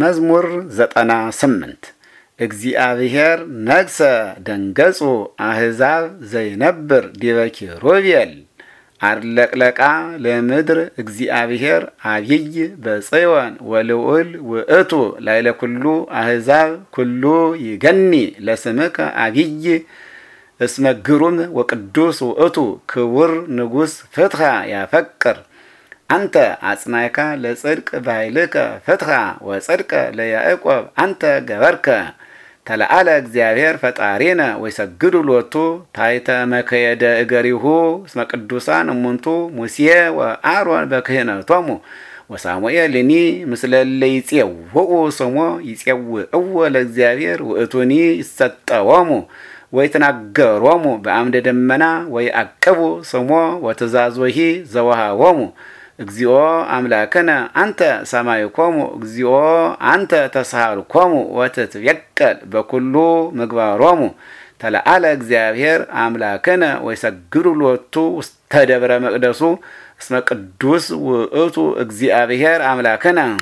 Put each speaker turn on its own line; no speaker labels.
መዝሙር ዘጠና ስምንት እግዚአብሔር ነግሰ ደንገጹ አሕዛብ ዘይነብር ዲበ ኪሩቤል አድለቅለቃ ለምድር እግዚአብሔር አብይ በጽዮን ወልዑል ውእቱ ላይለ ኩሉ አሕዛብ ኩሉ ይገኒ ለስምከ አብይ እስመ ግሩም ወቅዱስ ውእቱ ክቡር ንጉሥ ፍትሐ ያፈቅር አንተ አጽናይካ ለጽድቅ ባይልከ ፍትኻ ወጽድቀ ለያዕቆብ አንተ ገበርከ ተለዓለ እግዚአብሔር ፈጣሪነ ወይሰግዱ ሎቱ ታይተ መከየደ እገሪሁ እስመ ቅዱሳን እሙንቱ ሙሴ ወአሮን በክህነቶሙ ወሳሙኤልኒ ምስለ ለይጼውኡ ስሞ ይጼውእዎ ለእግዚአብሔር ውእቱኒ ይሰጠዎሙ ወይትናገሮሙ በአምደ ደመና አቅቡ ስሞ ወትእዛዞሂ ዘወሃቦሙ እግዚኦ አምላክነ አንተ ኮሙ እግዚኦ አንተ ወተት የቀል በኩሉ ምግባሮሙ ተለአለ እግዚአብሔር አምላክነ ወይሰግዱ ሎቱ ውስተ ደብረ መቅደሱ እስመ ቅዱስ ውእቱ እግዚአብሔር አምላክነ